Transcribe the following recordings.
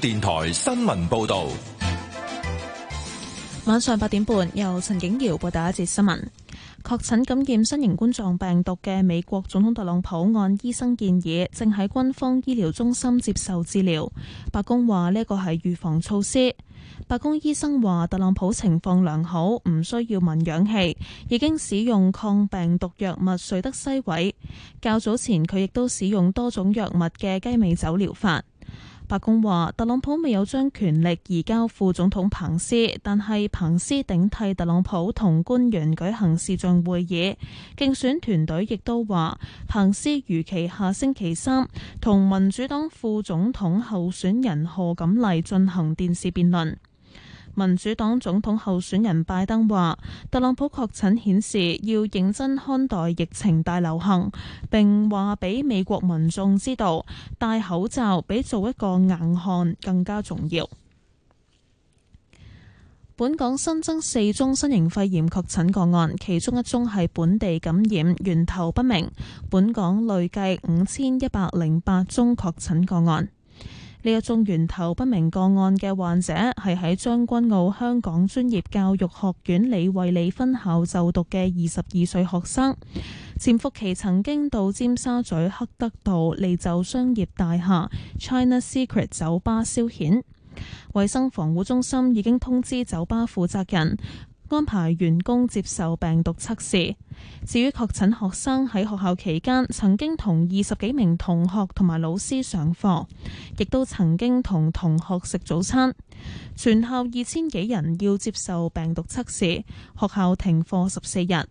電台新聞報道，晚上八點半由陳景瑤報道一節新聞。確診感染新型冠狀病毒嘅美國總統特朗普，按醫生建議正喺軍方醫療中心接受治療。白宮話呢個係預防措施。白宮醫生話特朗普情況良好，唔需要聞氧氣，已經使用抗病毒藥物瑞德西韋。較早前佢亦都使用多種藥物嘅雞尾酒療法。白宮話，特朗普未有將權力移交副總統彭斯，但係彭斯頂替特朗普同官員舉行視像會議。競選團隊亦都話，彭斯如期下星期三同民主黨副總統候選人賀錦麗進行電視辯論。民主黨總統候選人拜登話：特朗普確診顯示要認真看待疫情大流行，並話俾美國民眾知道戴口罩比做一個硬漢更加重要。本港新增四宗新型肺炎確診個案，其中一宗係本地感染，源頭不明。本港累計五千一百零八宗確診個案。呢一宗源頭不明個案嘅患者係喺將軍澳香港專業教育學院李惠利分校就讀嘅二十二歲學生。潛伏期曾經到尖沙咀黑德道利就商業大廈 China Secret 酒吧消遣。衛生防護中心已經通知酒吧負責人。安排員工接受病毒測試。至於確診學生喺學校期間，曾經同二十幾名同學同埋老師上課，亦都曾經同同學食早餐。全校二千幾人要接受病毒測試，學校停課十四日。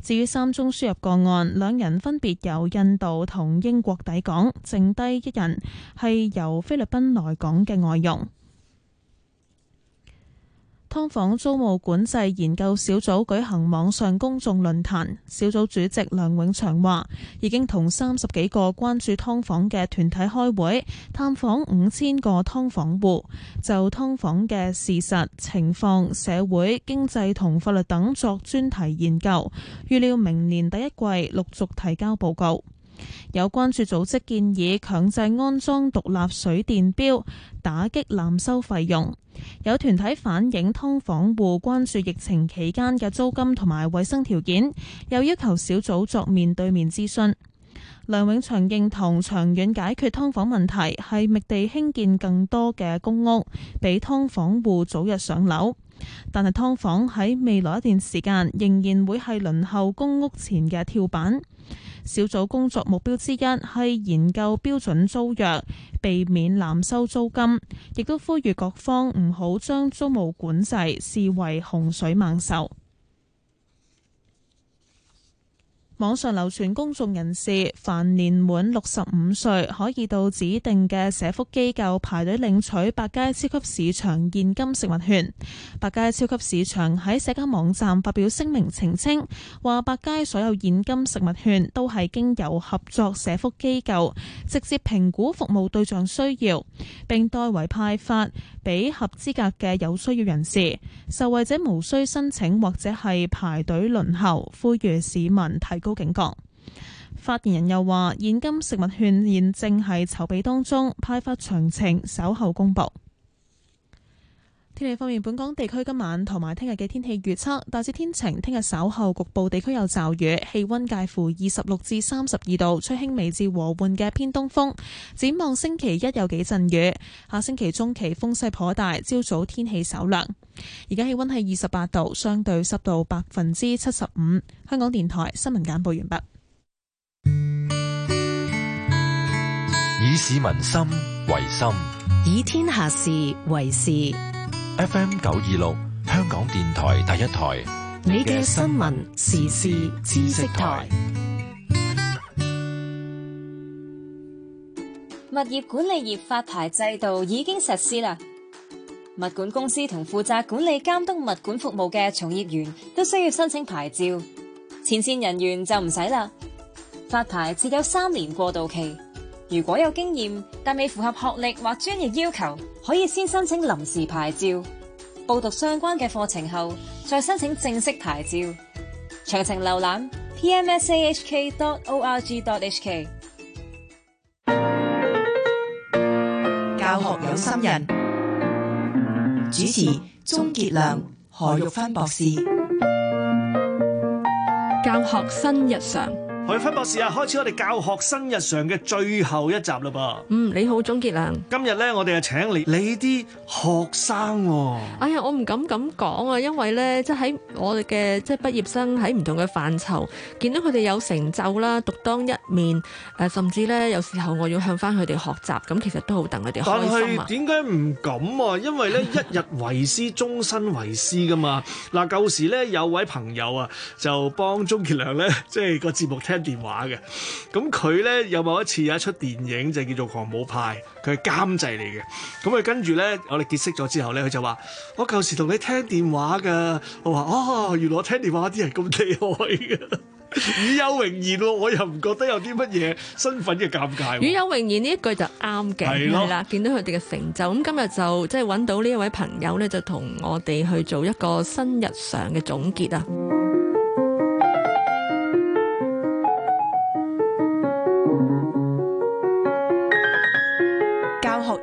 至於三宗輸入個案，兩人分別由印度同英國抵港，剩低一人係由菲律賓來港嘅外傭。劏房租務管制研究小組舉行網上公眾論壇，小組主席梁永祥話：已經同三十幾個關注劏房嘅團體開會，探訪五千個劏房戶，就劏房嘅事實情況、社會經濟同法律等作專題研究，預料明年第一季陸續提交報告。有關注組織建議強制安裝獨立水電錶，打擊濫收費用。有團體反映，劏房戶關注疫情期間嘅租金同埋衛生條件，又要求小組作面對面諮詢。梁永祥認同長遠解決劏房問題係覓地興建更多嘅公屋，俾劏房戶早日上樓。但係劏房喺未來一段時間仍然會係輪候公屋前嘅跳板。小組工作目標之一係研究標準租約，避免濫收租金，亦都呼籲各方唔好將租務管制視為洪水猛獸。網上流傳公眾人士凡年滿六十五歲，可以到指定嘅社福機構排隊領取百佳超級市場現金食物券。百佳超級市場喺社交網站發表聲明澄清，話百佳所有現金食物券都係經由合作社福機構直接評估服務對象需要，並代為派發。俾合資格嘅有需要人士，受惠者無需申請或者係排隊輪候。呼籲市民提高警覺。發言人又話：現今食物券現正係籌備當中，派發詳情稍後公布。天氣方面，本港地區今晚同埋聽日嘅天氣預測大致天晴，聽日稍後局部地區有驟雨，氣溫介乎二十六至三十二度，吹輕微至和緩嘅偏東風。展望星期一有幾陣雨，下星期中期風勢頗大，朝早天氣稍涼。而家氣溫係二十八度，相對濕度百分之七十五。香港電台新聞簡報完畢。以市民心為心，以天下事為事。FM 九二六，26，香港電台第一台。你嘅新聞時事知識台。物業管理業發牌制度已經實施啦。物管公司同負責管理監督物管服務嘅從業員都需要申請牌照，前線人員就唔使啦。發牌只有三年過渡期。如果有經驗但未符合學歷或專業要求，可以先申請臨時牌照，報讀相關嘅課程後再申請正式牌照。詳情瀏覽 pmsahk.org.hk。Ah、org. 教學有心人，主持鍾傑良、何玉芬博士。教學新日常。何玉芬博士啊，開始我哋教學新日常嘅最後一集啦噃。嗯，你好，鍾傑良今日咧，我哋啊請你你啲學生喎、啊。哎呀，我唔敢咁講啊，因為咧，即係喺我哋嘅即係畢業生喺唔同嘅範疇見到佢哋有成就啦，獨當一面，誒、呃，甚至咧有時候我要向翻佢哋學習，咁其實都好等佢哋開心。但係點解唔敢啊？因為咧，哎、呀一日為師終身為師噶嘛。嗱、啊，舊時咧有位朋友啊，就幫鍾傑良咧，即係個節目聽。電話嘅，咁佢咧有某一次有一出電影就叫做《狂舞派》，佢係監製嚟嘅。咁啊，跟住咧，我哋結識咗之後咧，佢就話：我舊時同你聽電話噶。我話：哦、啊，原來我聽電話啲人咁厲害嘅。與 有榮焉，我又唔覺得有啲乜嘢身份嘅尷尬。與有榮焉呢一句就啱嘅，係啦的，見到佢哋嘅成就。咁今日就即係搵到呢一位朋友咧，就同我哋去做一個新日常嘅總結啊！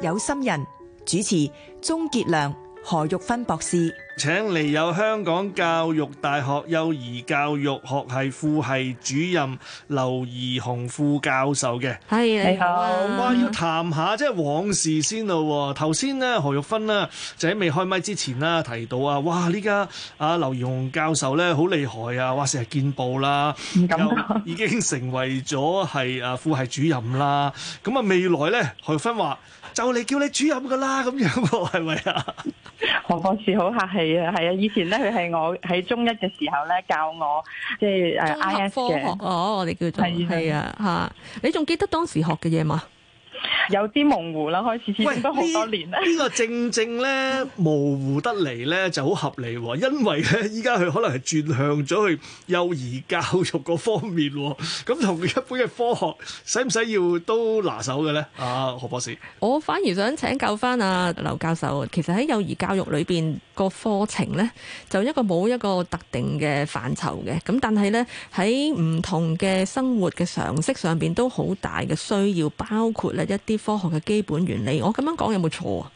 有心人主持，鍾傑良、何玉芬博士。請嚟有香港教育大學幼兒教育學系副系主任劉怡虹副教授嘅，係你好，哇！要談下即係往事先咯。頭先咧何玉芬啦，就喺未開麥之前啦提到啊，哇！呢家啊劉怡虹教授咧好厲害啊，哇！成日見報啦，已經成為咗係啊副系主任啦。咁啊 未來咧，何玉芬話就嚟叫你主任㗎啦，咁樣係咪啊？何博士好客氣。 係啊係啊，以前咧佢係我喺中一嘅時候咧教我即係誒，I S 嘅哦，我哋叫做係係啊吓，你仲記得當時學嘅嘢嘛？有啲模糊啦，開始差唔多好多年啦。呢個正正咧模糊得嚟咧就好合理，因為咧依家佢可能係轉向咗去幼兒教育嗰方面，咁同一般嘅科學使唔使要都拿手嘅咧？啊，何博士，我反而想請教翻阿劉教授，其實喺幼兒教育裏面個課程咧，就一個冇一個特定嘅範疇嘅，咁但係咧喺唔同嘅生活嘅常識上面都好大嘅需要，包括咧。一啲科學嘅基本原理，我咁樣講有冇錯啊？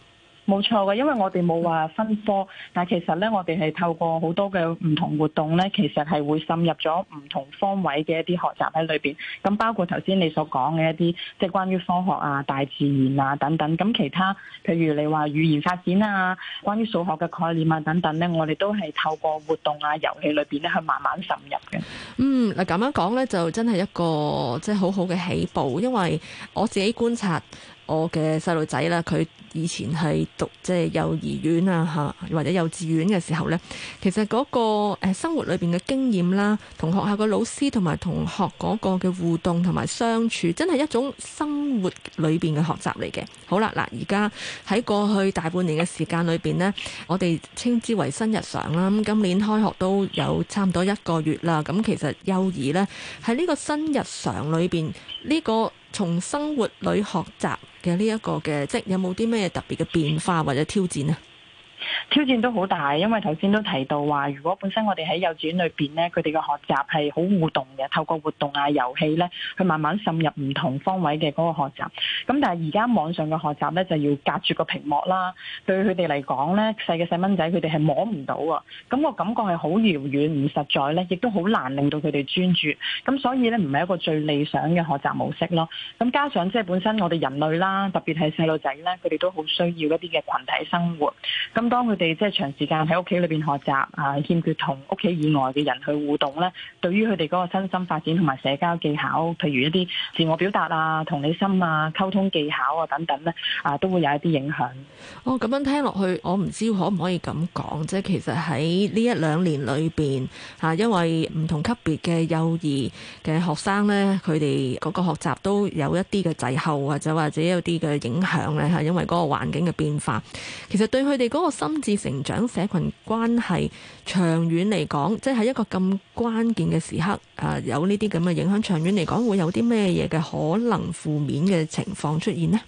冇錯嘅，因為我哋冇話分科，但係其實咧，我哋係透過好多嘅唔同活動咧，其實係會滲入咗唔同方位嘅一啲學習喺裏邊。咁包括頭先你所講嘅一啲，即係關於科學啊、大自然啊等等。咁其他，譬如你話語言發展啊、關於數學嘅概念啊等等咧，我哋都係透過活動啊、遊戲裏邊咧去慢慢滲入嘅。嗯，嗱咁樣講咧，就真係一個即係好好嘅起步，因為我自己觀察，我嘅細路仔啦，佢以前係讀即係幼兒園啊，嚇或者幼稚園嘅時候呢，其實嗰個生活裏邊嘅經驗啦，同學校嘅老師同埋同學嗰個嘅互動同埋相處，真係一種生活裏邊嘅學習嚟嘅。好啦，嗱，而家喺過去大半年嘅時間裏邊呢，我哋稱之為新日常啦。咁今年開學都有差唔多一個月啦。咁其實幼兒呢，喺呢個新日常裏邊呢個。從生活裏學習嘅呢一個嘅，即有冇啲咩特別嘅變化或者挑戰啊？挑戰都好大，因為頭先都提到話，如果本身我哋喺幼稚園裏邊咧，佢哋嘅學習係好互動嘅，透過活動啊、遊戲咧，去慢慢滲入唔同方位嘅嗰個學習。咁但係而家網上嘅學習咧，就要隔住個屏幕啦，對佢哋嚟講咧，細嘅細蚊仔佢哋係摸唔到啊，咁我感覺係好遙遠唔實在咧，亦都好難令到佢哋專注。咁所以咧，唔係一個最理想嘅學習模式咯。咁加上即係本身我哋人類啦，特別係細路仔咧，佢哋都好需要一啲嘅群體生活。咁當當佢哋即係長時間喺屋企裏邊學習，啊，欠缺同屋企以外嘅人去互動咧，對於佢哋嗰個身心發展同埋社交技巧，譬如一啲自我表達啊、同理心啊、溝通技巧啊等等咧，啊，都會有一啲影響。哦，咁樣聽落去，我唔知可唔可以咁講，即係其實喺呢一兩年裏邊，嚇、啊，因為唔同級別嘅幼兒嘅學生呢，佢哋嗰個學習都有一啲嘅滯後，或者或者有啲嘅影響呢，嚇、啊，因為嗰個環境嘅變化，其實對佢哋嗰個心智成長、社群關係，長遠嚟講，即係一個咁關鍵嘅時刻，啊，有呢啲咁嘅影響，長遠嚟講會有啲咩嘢嘅可能負面嘅情況出現呢？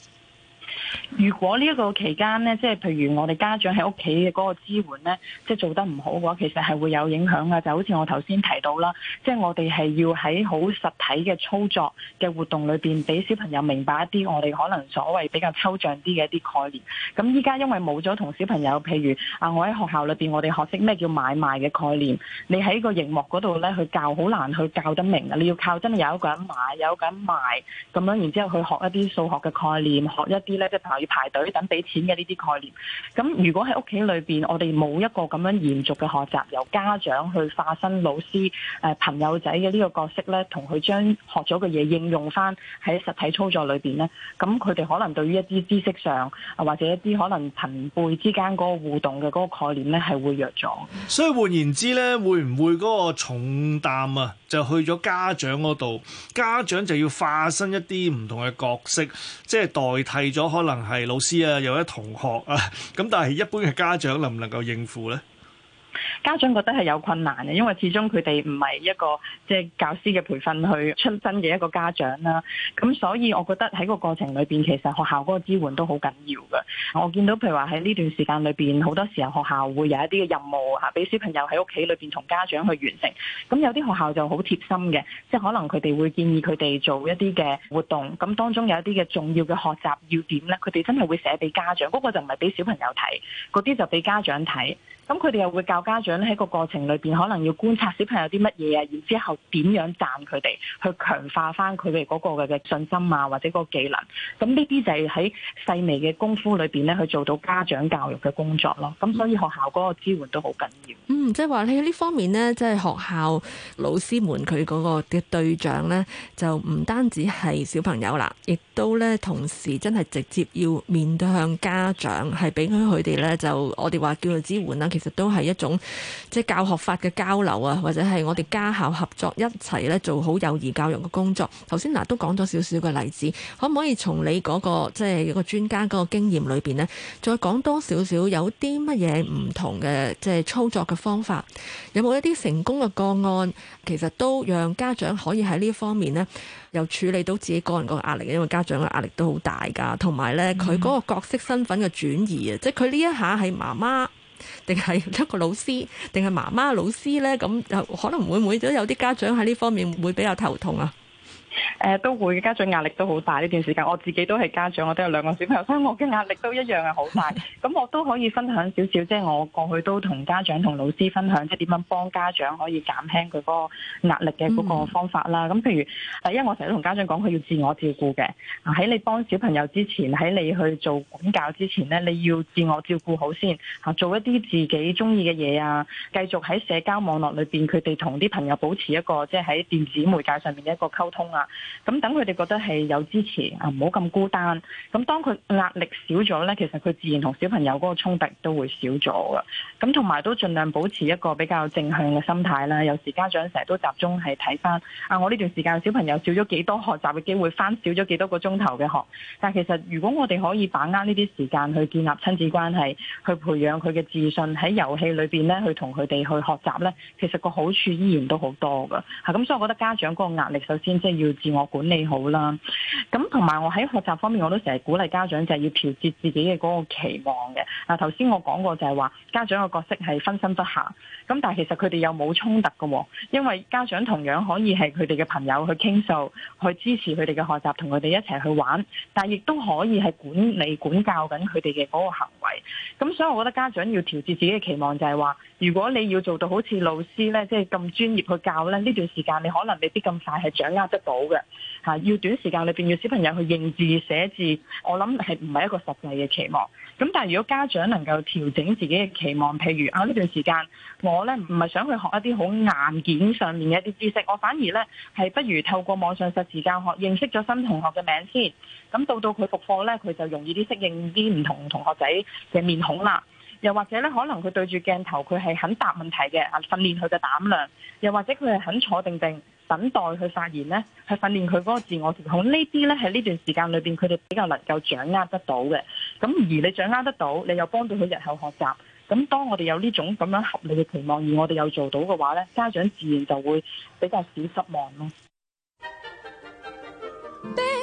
如果呢一個期間咧，即係譬如我哋家長喺屋企嘅嗰個支援咧，即係做得唔好嘅話，其實係會有影響噶。就好似我頭先提到啦，即係我哋係要喺好實體嘅操作嘅活動裏邊，俾小朋友明白一啲我哋可能所謂比較抽象啲嘅一啲概念。咁依家因為冇咗同小朋友，譬如啊，我喺學校裏邊，我哋學識咩叫買賣嘅概念，你喺個熒幕嗰度咧去教，好難去教得明噶。你要靠真係有一個人買，有一個人賣，咁樣然之後去學一啲數學嘅概念，學一啲咧。又要排隊等俾錢嘅呢啲概念，咁如果喺屋企裏邊，我哋冇一個咁樣延續嘅學習，由家長去化身老師誒朋友仔嘅呢個角色咧，同佢將學咗嘅嘢應用翻喺實體操作裏邊咧，咁佢哋可能對於一啲知識上，啊或者一啲可能朋輩之間嗰個互動嘅嗰個概念咧，係會弱咗。所以換言之咧，會唔會嗰個重擔啊，就去咗家長嗰度？家長就要化身一啲唔同嘅角色，即係代替咗可能。可能係老師啊，有啲同學啊，咁但係一般嘅家長能唔能夠應付咧？家長覺得係有困難嘅，因為始終佢哋唔係一個即係、就是、教師嘅培訓去出身嘅一個家長啦。咁所以我覺得喺個過程裏邊，其實學校嗰個支援都好緊要嘅。我見到譬如話喺呢段時間裏邊，好多時候學校會有一啲嘅任務吓，俾小朋友喺屋企裏邊同家長去完成。咁有啲學校就好貼心嘅，即係可能佢哋會建議佢哋做一啲嘅活動。咁當中有一啲嘅重要嘅學習要點咧，佢哋真係會寫俾家長，嗰、那個就唔係俾小朋友睇，嗰、那、啲、個、就俾家長睇。那個咁佢哋又會教家長咧喺個過程裏邊可能要觀察小朋友啲乜嘢啊，然之後點樣讚佢哋，去強化翻佢哋嗰個嘅嘅信心啊，或者個技能。咁呢啲就係喺細微嘅功夫裏邊咧，去做到家長教育嘅工作咯。咁所以學校嗰個支援都好緊要。嗯，即係話喺呢方面咧，即係學校老師們佢嗰個嘅對象咧，就唔單止係小朋友啦，亦都咧同時真係直接要面向家長，係俾佢哋咧就我哋話叫做支援啦。其實都係一種即係教學法嘅交流啊，或者係我哋家校合作一齊咧做好幼兒教育嘅工作。頭先嗱都講咗少少嘅例子，可唔可以從你嗰、嗰個即係一個專家嗰個經驗裏邊呢，再講多少少有啲乜嘢唔同嘅即係操作嘅方法？有冇一啲成功嘅個案？其實都讓家長可以喺呢一方面呢，又處理到自己個人個壓力，因為家長嘅壓力都好大噶，同埋呢，佢嗰、嗯、個角色身份嘅轉移啊，即係佢呢一下係媽媽。定係一個老師，定係媽媽老師呢？咁可能會唔會都有啲家長喺呢方面會比較頭痛呀？誒、呃，都會，家長壓力都好大呢段時間，我自己都係家長，我都有兩個小朋友，所以我嘅壓力都一樣係好大。咁 我都可以分享少少，即、就、係、是、我過去都同家長同老師分享，即係點樣幫家長可以減輕佢嗰個壓力嘅嗰個方法啦。咁、嗯、譬如，誒，因為我成日都同家長講，佢要自我照顧嘅。喺你幫小朋友之前，喺你去做管教之前呢，你要自我照顧好先。吓，做一啲自己中意嘅嘢啊，繼續喺社交網絡裏邊，佢哋同啲朋友保持一個即係喺電子媒介上面嘅一個溝通啊。咁等佢哋覺得係有支持啊，唔好咁孤單。咁當佢壓力少咗呢，其實佢自然同小朋友嗰個衝突都會少咗嘅。咁同埋都盡量保持一個比較正向嘅心態啦。有時家長成日都集中係睇翻啊，我呢段時間小朋友少咗幾多學習嘅機會，翻少咗幾多個鐘頭嘅學。但其實如果我哋可以把握呢啲時間去建立親子關係，去培養佢嘅自信喺遊戲裏邊呢去同佢哋去學習呢，其實個好處依然都好多㗎。係咁，所以我覺得家長嗰個壓力首先即係要自我管理好啦，咁同埋我喺學習方面，我都成日鼓勵家長就係要調節自己嘅嗰個期望嘅。嗱，頭先我講過就係話家長嘅角色係分身不下，咁但係其實佢哋又冇衝突嘅，因為家長同樣可以係佢哋嘅朋友去傾訴，去支持佢哋嘅學習，同佢哋一齊去玩，但係亦都可以係管理管教緊佢哋嘅嗰個行為。咁所以我覺得家長要調節自己嘅期望就係話。如果你要做到好似老師呢，即係咁專業去教呢，呢段時間你可能未必咁快係掌握得到嘅，嚇！要短時間裏邊要小朋友去認字寫字，我諗係唔係一個實際嘅期望。咁但係如果家長能夠調整自己嘅期望，譬如啊，呢段時間我呢唔係想去學一啲好硬件上面嘅一啲知識，我反而呢係不如透過網上實時教學認識咗新同學嘅名先。咁到到佢復課呢，佢就容易啲適應啲唔同同學仔嘅面孔啦。又或者咧，可能佢對住鏡頭，佢係肯答問題嘅，訓練佢嘅膽量；又或者佢係肯坐定定等待佢發言呢，去訓練佢嗰個自我調控。呢啲呢喺呢段時間裏邊，佢哋比較能夠掌握得到嘅。咁而你掌握得到，你又幫到佢日後學習。咁當我哋有呢種咁樣合理嘅期望，而我哋又做到嘅話呢，家長自然就會比較少失望咯。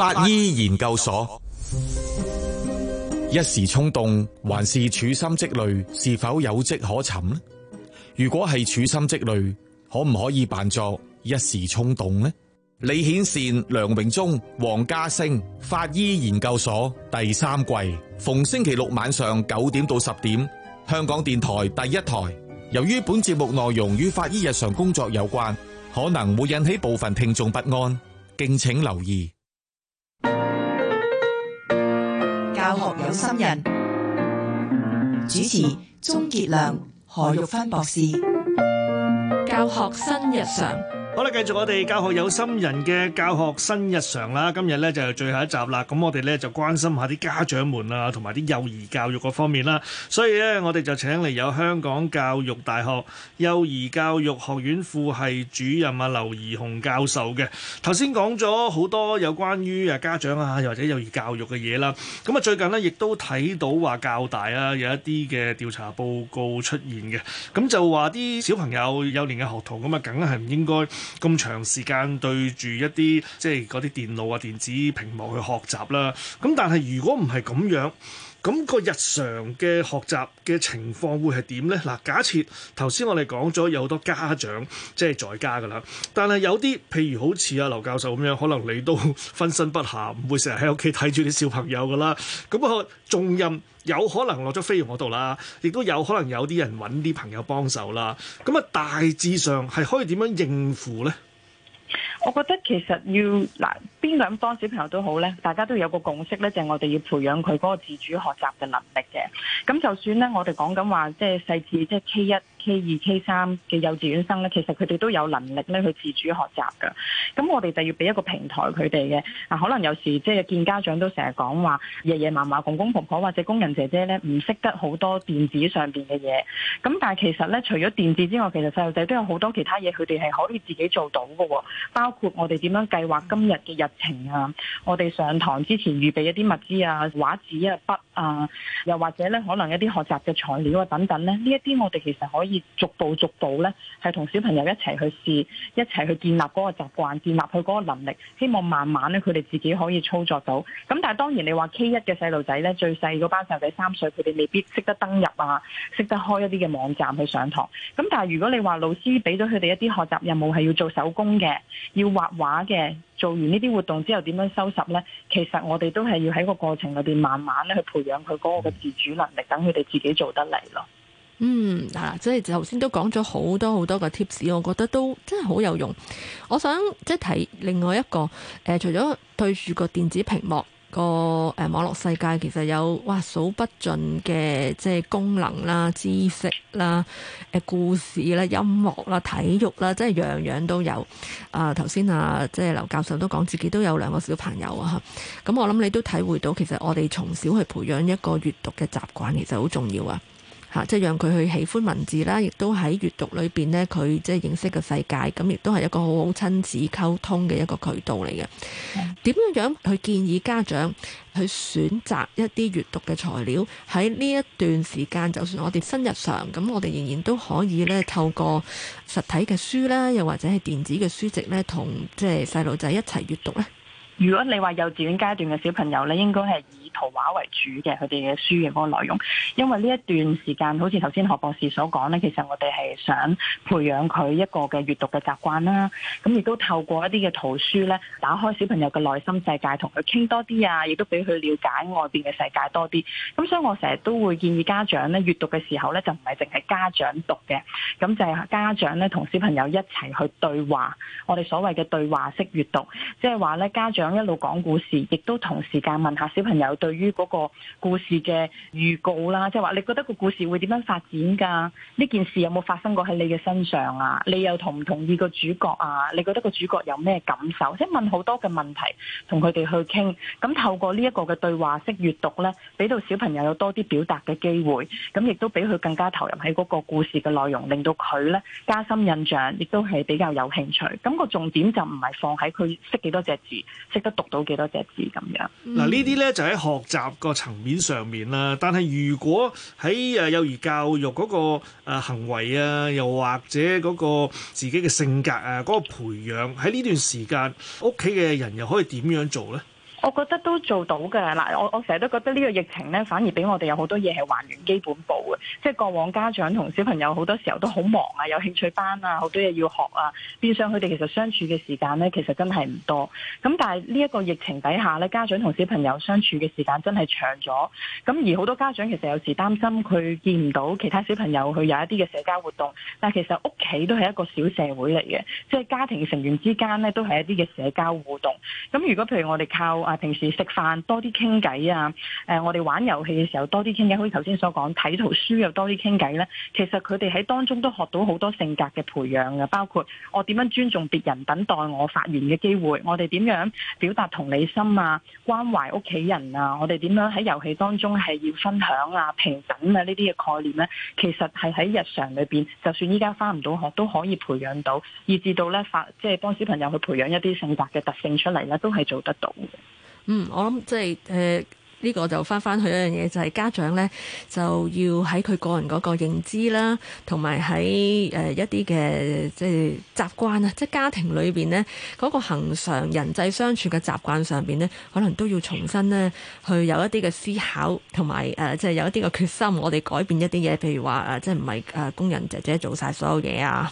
法醫研究所，一時衝動還是處心積慮，是否有迹可尋呢？如果係處心積慮，可唔可以扮作一時衝動呢？李顯善、梁榮忠、黃家升，法醫研究所第三季，逢星期六晚上九點到十點，香港電台第一台。由於本節目內容與法醫日常工作有關，可能會引起部分聽眾不安，敬請留意。教學有心人，主持鍾傑良、何玉芬博士。教學新日常。好啦，繼續我哋教學有心人嘅教學新日常啦，今日咧就係最後一集啦。咁我哋咧就關心下啲家長們啊，同埋啲幼兒教育嗰方面啦。所以咧，我哋就請嚟有香港教育大學幼兒教育學院副系主任啊劉怡虹教授嘅。頭先講咗好多有關於誒家長啊，又或者幼兒教育嘅嘢啦。咁啊，最近呢，亦都睇到話教大啊有一啲嘅調查報告出現嘅，咁就話啲小朋友幼年嘅學童咁啊，梗係唔應該。咁長時間對住一啲即係嗰啲電腦啊、電子屏幕去學習啦。咁但係如果唔係咁樣，咁個日常嘅學習嘅情況會係點呢？嗱，假設頭先我哋講咗有好多家長即係在家噶啦，但係有啲譬如好似啊，劉教授咁樣，可能你都分身不暇，唔會成日喺屋企睇住啲小朋友噶啦。咁啊，重任。有可能落咗飛揚嗰度啦，亦都有可能有啲人揾啲朋友幫手啦。咁啊，大致上係可以點樣應付呢？我覺得其實要嗱邊兩方小朋友都好咧，大家都有個共識咧，就係、是、我哋要培養佢嗰個自主學習嘅能力嘅。咁就算咧，我哋講緊話即係細至即係 K 一、K 二、K 三嘅幼稚園生咧，其實佢哋都有能力咧去自主學習噶。咁我哋就要俾一個平台佢哋嘅。嗱、啊，可能有時即係見家長都成日講話，爺爺嫲嫲、公公婆婆或者工人姐姐咧，唔識得好多電子上邊嘅嘢。咁但係其實咧，除咗電子之外，其實細路仔都有好多其他嘢，佢哋係可以自己做到嘅。包包括我哋點樣計劃今日嘅日程啊，我哋上堂之前預備一啲物資啊、畫紙啊、筆啊，又或者咧可能一啲學習嘅材料啊等等咧，呢一啲我哋其實可以逐步逐步咧，係同小朋友一齊去試，一齊去建立嗰個習慣，建立佢嗰個能力，希望慢慢咧佢哋自己可以操作到。咁但係當然你話 K 一嘅細路仔咧，最細嗰班細路仔三歲，佢哋未必識得登入啊，識得開一啲嘅網站去上堂。咁但係如果你話老師俾咗佢哋一啲學習任務係要做手工嘅。要畫畫嘅，做完呢啲活動之後，點樣收拾呢？其實我哋都係要喺個過程裏邊，慢慢咧去培養佢嗰個嘅自主能力，等佢哋自己做得嚟咯。嗯，嗱，即係頭先都講咗好多好多嘅 tips，我覺得都真係好有用。我想即係提另外一個，誒，除咗對住個電子屏幕。個誒網絡世界其實有哇數不盡嘅即係功能啦、知識啦、誒故事啦、音樂啦、體育啦，即係樣樣都有。啊頭先啊，即係劉教授都講自己都有兩個小朋友啊。吓咁我諗你都體會到，其實我哋從小去培養一個閱讀嘅習慣，其實好重要啊。嚇，即係讓佢去喜歡文字啦，亦都喺閱讀裏邊呢，佢即係認識嘅世界，咁亦都係一個好好親子溝通嘅一個渠道嚟嘅。點樣、嗯、樣去建議家長去選擇一啲閱讀嘅材料？喺呢一段時間，就算我哋新日常，咁我哋仍然都可以呢透過實體嘅書啦，又或者係電子嘅書籍呢，同即係細路仔一齊閱讀呢。如果你話幼稚園階段嘅小朋友咧，應該係，圖畫為主嘅，佢哋嘅書嘅嗰個內容，因為呢一段時間，好似頭先何博士所講呢，其實我哋係想培養佢一個嘅閱讀嘅習慣啦。咁亦都透過一啲嘅圖書呢，打開小朋友嘅內心世界，同佢傾多啲啊，亦都俾佢了解外邊嘅世界多啲。咁所以我成日都會建議家長呢，閱讀嘅時候呢，就唔係淨係家長讀嘅，咁就係家長呢，同小朋友一齊去對話。我哋所謂嘅對話式閱讀，即係話呢，家長一路講故事，亦都同時間問下小朋友。對於嗰個故事嘅預告啦，即係話，你覺得個故事會點樣發展㗎？呢件事有冇發生過喺你嘅身上啊？你又同唔同意個主角啊？你覺得個主角有咩感受？即係問好多嘅問題，同佢哋去傾。咁透過呢一個嘅對話式閱讀呢，俾到小朋友有多啲表達嘅機會。咁亦都俾佢更加投入喺嗰個故事嘅內容，令到佢呢加深印象，亦都係比較有興趣。咁個重點就唔係放喺佢識幾多隻字，識得讀到幾多隻字咁樣。嗱、嗯、呢啲呢就係學習個層面上面啦，但係如果喺誒幼兒教育嗰個行為啊，又或者嗰個自己嘅性格啊，嗰個培養喺呢段時間，屋企嘅人又可以點樣做咧？我覺得都做到㗎啦！我我成日都覺得呢個疫情呢，反而俾我哋有好多嘢係還原基本步嘅，即係過往家長同小朋友好多時候都好忙啊，有興趣班啊，好多嘢要學啊，變相佢哋其實相處嘅時間呢，其實真係唔多。咁但係呢一個疫情底下呢，家長同小朋友相處嘅時間真係長咗。咁而好多家長其實有時擔心佢見唔到其他小朋友去有一啲嘅社交活動，但係其實屋企都係一個小社會嚟嘅，即係家庭成員之間呢，都係一啲嘅社交互動。咁如果譬如我哋靠～平時食飯多啲傾偈啊，誒、呃，我哋玩遊戲嘅時候多啲傾偈，好似頭先所講睇圖書又多啲傾偈咧，其實佢哋喺當中都學到好多性格嘅培養嘅，包括我點樣尊重別人、等待我發言嘅機會，我哋點樣表達同理心啊、關懷屋企人啊，我哋點樣喺遊戲當中係要分享啊、平等啊呢啲嘅概念咧，其實係喺日常裏邊，就算依家翻唔到學都可以培養到，以至到咧發即係幫小朋友去培養一啲性格嘅特性出嚟咧，都係做得到。嗯，我諗即係誒呢個就返返去一樣嘢，就係家長咧，就要喺佢個人嗰個認知啦，同埋喺誒一啲嘅即係習慣啊，即係家庭裏邊咧嗰個恆常人際相處嘅習慣上邊咧，可能都要重新咧去有一啲嘅思考，同埋誒即係有一啲嘅決心，我哋改變一啲嘢，譬如話誒即係唔係誒工人姐姐做晒所有嘢啊。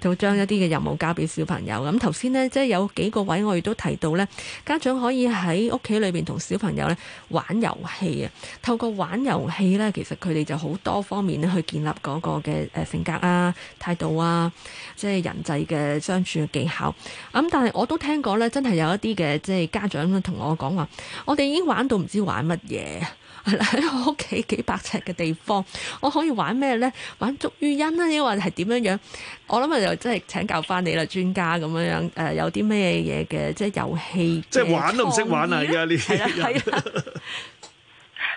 就將一啲嘅任務交俾小朋友咁。頭先呢，即係有幾個位我亦都提到呢，家長可以喺屋企裏邊同小朋友呢玩遊戲啊。透過玩遊戲呢，其實佢哋就好多方面去建立嗰個嘅誒性格啊、態度啊，即係人際嘅相處嘅技巧。咁但係我都聽過呢，真係有一啲嘅即係家長同我講話，我哋已經玩到唔知玩乜嘢。喺 我屋企幾百尺嘅地方，我可以玩咩咧？玩足語音啦、啊，抑或係點樣樣？我諗又真係請教返你啦，專家咁樣樣誒、呃，有啲咩嘢嘅即係遊戲？即係玩都唔識玩啊！而家呢？係啊！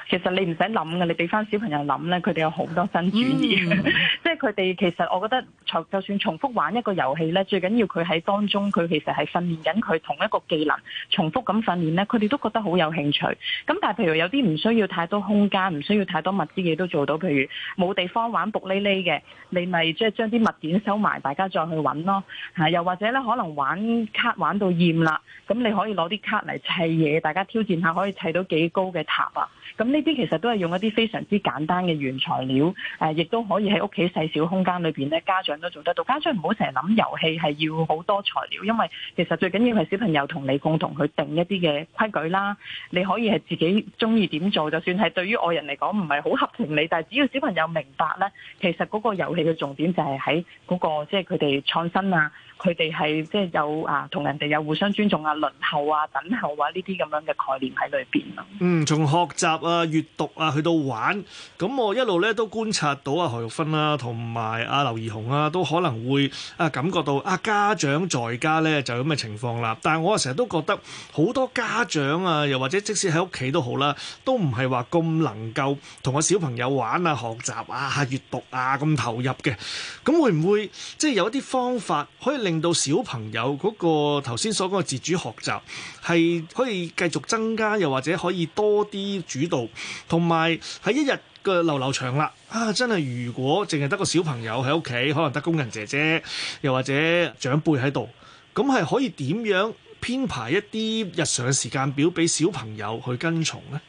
其實你唔使諗嘅，你俾翻小朋友諗咧，佢哋有好多新主意。 即係佢哋其實我覺得就算重複玩一個遊戲咧，最緊要佢喺當中佢其實係訓練緊佢同一個技能，重複咁訓練咧，佢哋都覺得好有興趣。咁但係譬如有啲唔需要太多空間，唔需要太多物資嘢都做到。譬如冇地方玩伏匿匿嘅，你咪即係將啲物件收埋，大家再去揾咯嚇。又或者咧，可能玩卡玩到厭啦，咁你可以攞啲卡嚟砌嘢，大家挑戰下可以砌到幾高嘅塔啊！咁呢啲其實都係用一啲非常之簡單嘅原材料，誒、呃，亦都可以喺屋企細小空間裏邊咧，家長都做得到。家長唔好成日諗遊戲係要好多材料，因為其實最緊要係小朋友同你共同去定一啲嘅規矩啦。你可以係自己中意點做，就算係對於外人嚟講唔係好合情理，但係只要小朋友明白咧，其實嗰個遊戲嘅重點就係喺嗰個即係佢哋創新啊。佢哋係即係有啊，同人哋有互相尊重啊、輪候啊、等候啊呢啲咁樣嘅概念喺裏邊咯。嗯，從學習啊、閱讀啊去到玩，咁我一路咧都觀察到啊，何玉芬啊同埋啊劉怡虹啊都可能會啊感覺到啊家長在家咧就咁嘅情況啦。但係我成日都覺得好多家長啊，又或者即使喺屋企都好啦，都唔係話咁能夠同個小朋友玩啊、學習啊、閱讀啊咁投入嘅。咁會唔會即係有一啲方法可以令？令到小朋友嗰個頭先所講嘅自主學習係可以繼續增加，又或者可以多啲主導，同埋喺一日嘅流流長啦。啊，真係如果淨係得個小朋友喺屋企，可能得工人姐姐，又或者長輩喺度，咁係可以點樣編排一啲日常嘅時間表俾小朋友去跟從呢？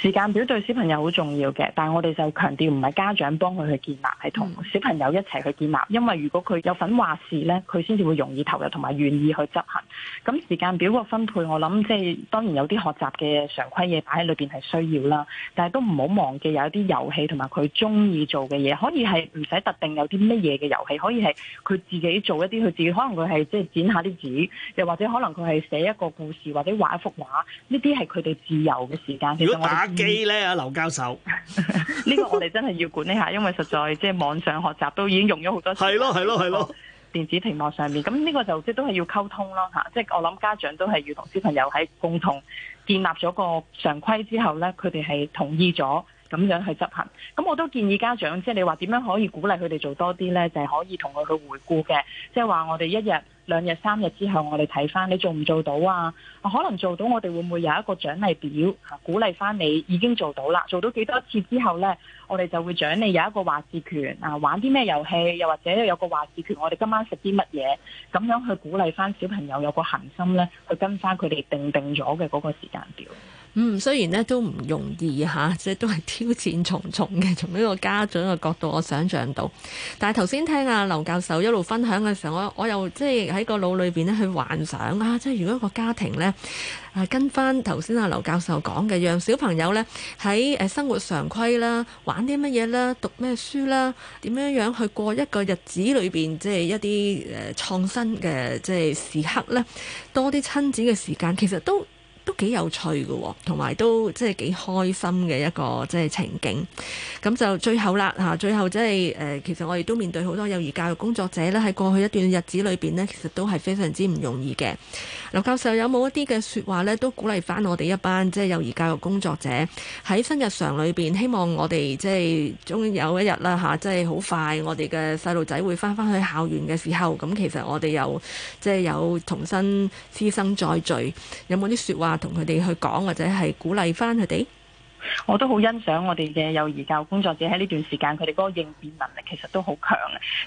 時間表對小朋友好重要嘅，但係我哋就強調唔係家長幫佢去建立，係同小朋友一齊去建立。因為如果佢有份話事呢，佢先至會容易投入同埋願意去執行。咁時間表個分配，我諗即係當然有啲學習嘅常規嘢擺喺裏邊係需要啦，但係都唔好忘記有一啲遊戲同埋佢中意做嘅嘢，可以係唔使特定有啲乜嘢嘅遊戲，可以係佢自己做一啲佢自己可能佢係即係剪下啲紙，又或者可能佢係寫一個故事或者畫一幅畫，呢啲係佢哋自由嘅時間。打機咧，阿劉教授，呢 個我哋真係要管理下，因為實在即係網上學習都已經用咗好多時間，係咯係咯係咯，電子屏幕上面，咁、這、呢個就即係都係要溝通咯嚇，即、就、係、是、我諗家長都係要同小朋友喺共同建立咗個常規之後咧，佢哋係同意咗。咁樣去執行，咁我都建議家長，即係你話點樣可以鼓勵佢哋做多啲呢？就係、係、可以同佢去回顧嘅，即係話我哋一日、兩日、三日之後，我哋睇返你做唔做到啊，啊？可能做到，我哋會唔會有一個獎勵表、啊、鼓勵返你已經做到啦，做到幾多次之後呢，我哋就會獎勵你有一個話事權啊，玩啲咩遊戲，又或者有個話事權，我哋今晚食啲乜嘢，咁樣去鼓勵翻小朋友有個恒心呢，去跟翻佢哋定定咗嘅嗰個時間表。嗯，雖然呢都唔容易嚇、啊，即係都係挑戰重重嘅。從呢個家長嘅角度，我想像到。但係頭先聽阿劉教授一路分享嘅時候，我我又即係喺個腦裏邊呢去幻想啊！即係如果一個家庭呢，啊，跟返頭先阿劉教授講嘅，讓小朋友呢喺生活常規啦、玩啲乜嘢啦、讀咩書啦，點樣樣去過一個日子裏邊，即係一啲誒創新嘅即係時刻呢，多啲親子嘅時間，其實都。都幾有趣嘅，同埋都即係幾開心嘅一個即係情景。咁就最後啦嚇，最後即係誒，其實我哋都面對好多幼兒教育工作者咧，喺過去一段日子裏邊呢，其實都係非常之唔容易嘅。劉教授有冇一啲嘅説話咧，都鼓勵返我哋一班即係幼兒教育工作者喺新日常裏邊，希望我哋即係終於有一日啦嚇，即係好快我哋嘅細路仔會返返去校園嘅時候，咁其實我哋又即係有重新師生再聚，有冇啲説話同佢哋去講，或者係鼓勵返佢哋？我都好欣賞我哋嘅幼兒教育工作者喺呢段時間，佢哋嗰個應變能力其實都好強。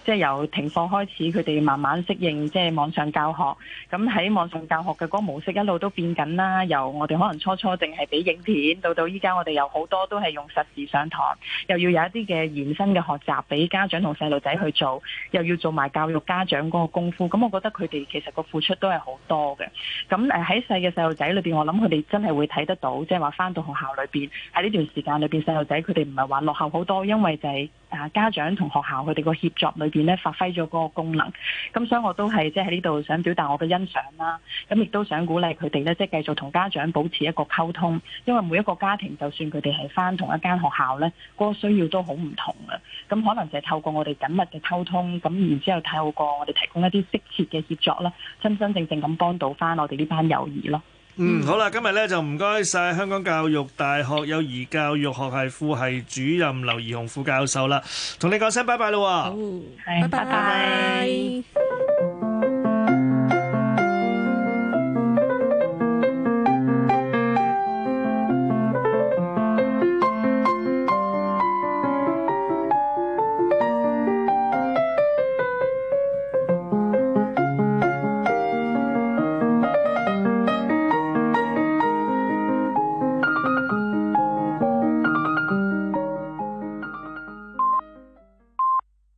即係由停課開始，佢哋慢慢適應即係、即係、網上教學。咁喺網上教學嘅嗰個模式一路都變緊啦。由我哋可能初初淨係俾影片，到到依家我哋又好多都係用實時上堂，又要有一啲嘅延伸嘅學習俾家長同細路仔去做，又要做埋教育家長嗰個功夫。咁我覺得佢哋其實個付出都係好多嘅。咁誒喺細嘅細路仔裏邊，我諗佢哋真係會睇得到，即係話翻到學校裏邊。喺呢段時間裏邊，細路仔佢哋唔係話落後好多，因為就係啊家長同學校佢哋個協作裏邊咧，發揮咗嗰個功能。咁所以我都係即係喺呢度想表達我嘅欣賞啦。咁亦都想鼓勵佢哋咧，即係繼續同家長保持一個溝通，因為每一個家庭就算佢哋係翻同一間學校咧，嗰個需要都好唔同啊。咁可能就係透過我哋緊密嘅溝通，咁然之後透過我哋提供一啲適切嘅協助啦，真真正正咁幫到翻我哋呢班幼兒咯。嗯，好啦，今日咧就唔該晒香港教育大學幼兒教育學系副系主任劉怡虹副教授啦，同你講聲拜拜啦喎，好是拜拜。拜拜。